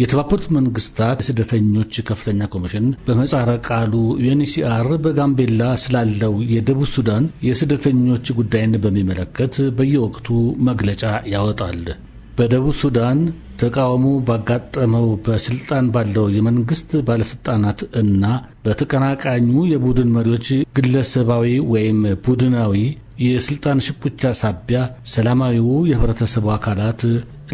የተባበሩት መንግስታት የስደተኞች ከፍተኛ ኮሚሽን በመጻረ ቃሉ ዩኤንኤችሲአር በጋምቤላ ስላለው የደቡብ ሱዳን የስደተኞች ጉዳይን በሚመለከት በየወቅቱ መግለጫ ያወጣል። በደቡብ ሱዳን ተቃውሞ ባጋጠመው በስልጣን ባለው የመንግስት ባለስልጣናት እና በተቀናቃኙ የቡድን መሪዎች ግለሰባዊ ወይም ቡድናዊ የስልጣን ሽኩቻ ሳቢያ ሰላማዊው የህብረተሰቡ አካላት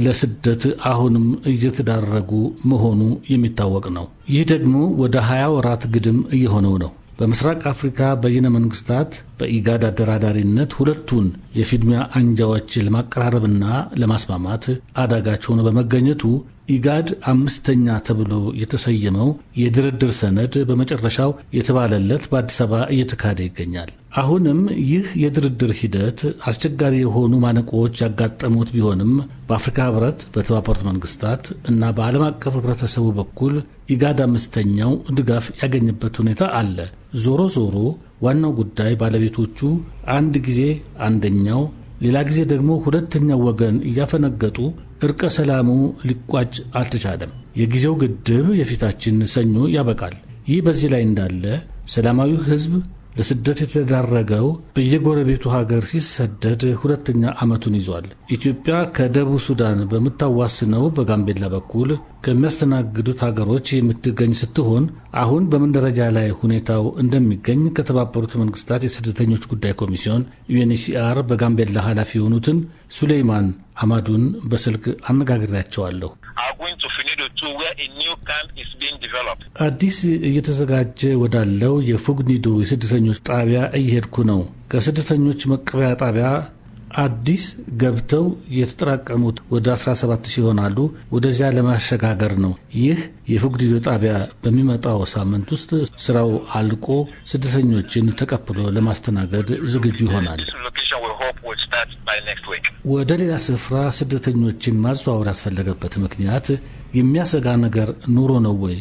ለስደት አሁንም እየተዳረጉ መሆኑ የሚታወቅ ነው። ይህ ደግሞ ወደ 20 ወራት ግድም እየሆነው ነው። በምስራቅ አፍሪካ በይነ መንግስታት በኢጋድ አደራዳሪነት ሁለቱን የፊድሚያ አንጃዎች ለማቀራረብና ለማስማማት አዳጋች ሆኖ በመገኘቱ ኢጋድ አምስተኛ ተብሎ የተሰየመው የድርድር ሰነድ በመጨረሻው የተባለለት በአዲስ አበባ እየተካሄደ ይገኛል። አሁንም ይህ የድርድር ሂደት አስቸጋሪ የሆኑ ማነቆዎች ያጋጠሙት ቢሆንም በአፍሪካ ህብረት፣ በተባበሩት መንግስታት እና በዓለም አቀፍ ህብረተሰቡ በኩል ኢጋድ አምስተኛው ድጋፍ ያገኘበት ሁኔታ አለ። ዞሮ ዞሮ ዋናው ጉዳይ ባለቤቶቹ አንድ ጊዜ አንደኛው ሌላ ጊዜ ደግሞ ሁለተኛው ወገን እያፈነገጡ እርቀ ሰላሙ ሊቋጭ አልተቻለም። የጊዜው ግድብ የፊታችን ሰኞ ያበቃል። ይህ በዚህ ላይ እንዳለ ሰላማዊ ሕዝብ ለስደት የተዳረገው በየጎረቤቱ ሀገር ሲሰደድ ሁለተኛ ዓመቱን ይዟል። ኢትዮጵያ ከደቡብ ሱዳን በምታዋስነው በጋምቤላ በኩል ከሚያስተናግዱት ሀገሮች የምትገኝ ስትሆን አሁን በምን ደረጃ ላይ ሁኔታው እንደሚገኝ ከተባበሩት መንግስታት የስደተኞች ጉዳይ ኮሚሽን ዩኤንኤችሲአር በጋምቤላ ኃላፊ የሆኑትን ሱሌይማን አማዱን በስልክ አነጋግሬያቸዋለሁ። አዲስ እየተዘጋጀ ወዳለው የፉግኒዶ የስደተኞች ጣቢያ እየሄድኩ ነው። ከስደተኞች መቀበያ ጣቢያ አዲስ ገብተው የተጠራቀሙት ወደ 17 ሺህ ይሆናሉ። ወደዚያ ለማሸጋገር ነው። ይህ የፉግዲዶ ጣቢያ በሚመጣው ሳምንት ውስጥ ስራው አልቆ ስደተኞችን ተቀብሎ ለማስተናገድ ዝግጁ ይሆናል። ወደ ሌላ ስፍራ ስደተኞችን ማዘዋወር ያስፈለገበት ምክንያት የሚያሰጋ ነገር ኑሮ ነው ወይ?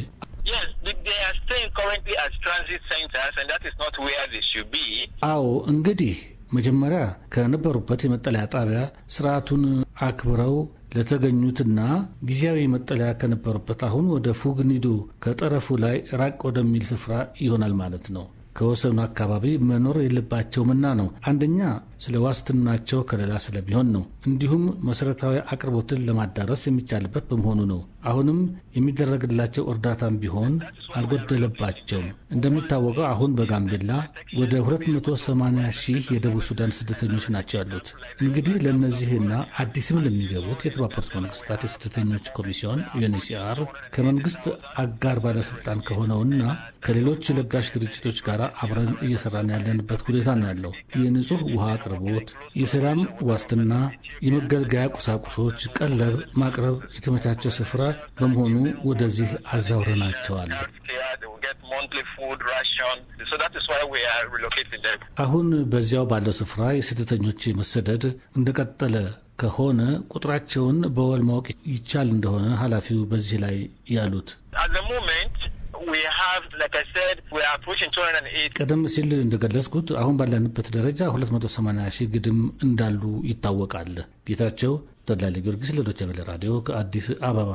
አዎ እንግዲህ መጀመሪያ ከነበሩበት የመጠለያ ጣቢያ ስርዓቱን አክብረው ለተገኙትና ጊዜያዊ መጠለያ ከነበሩበት አሁን ወደ ፉግኒዱ ከጠረፉ ላይ ራቅ ወደሚል ስፍራ ይሆናል ማለት ነው። ከወሰኑ አካባቢ መኖር የለባቸውምና ነው። አንደኛ ስለ ዋስትናቸው ከለላ ስለሚሆን ነው። እንዲሁም መሰረታዊ አቅርቦትን ለማዳረስ የሚቻልበት በመሆኑ ነው። አሁንም የሚደረግላቸው እርዳታም ቢሆን አልጎደለባቸውም። እንደሚታወቀው አሁን በጋምቤላ ወደ 280 ሺህ የደቡብ ሱዳን ስደተኞች ናቸው ያሉት። እንግዲህ ለእነዚህና አዲስም ለሚገቡት የተባበሩት መንግስታት የስደተኞች ኮሚሲዮን ዩኤንኤችሲአር ከመንግስት አጋር ባለስልጣን ከሆነውና ከሌሎች ለጋሽ ድርጅቶች ጋር አብረን እየሰራን ያለንበት ሁኔታ ነው ያለው የንጹህ ውሃ አቅርቦት፣ የሰላም ዋስትና፣ የመገልገያ ቁሳቁሶች፣ ቀለብ ማቅረብ የተመቻቸ ስፍራ በመሆኑ ወደዚህ አዛውረናቸዋል። አሁን በዚያው ባለው ስፍራ የስደተኞች መሰደድ እንደቀጠለ ከሆነ ቁጥራቸውን በወል ማወቅ ይቻል እንደሆነ ኃላፊው በዚህ ላይ ያሉት ቀደም ሲል እንደገለጽኩት አሁን ባለንበት ደረጃ 280 ሺህ ግድም እንዳሉ ይታወቃል። ጌታቸው ተድላ ጊዮርጊስ ለዶይቼ ቬለ ራዲዮ ከአዲስ አበባ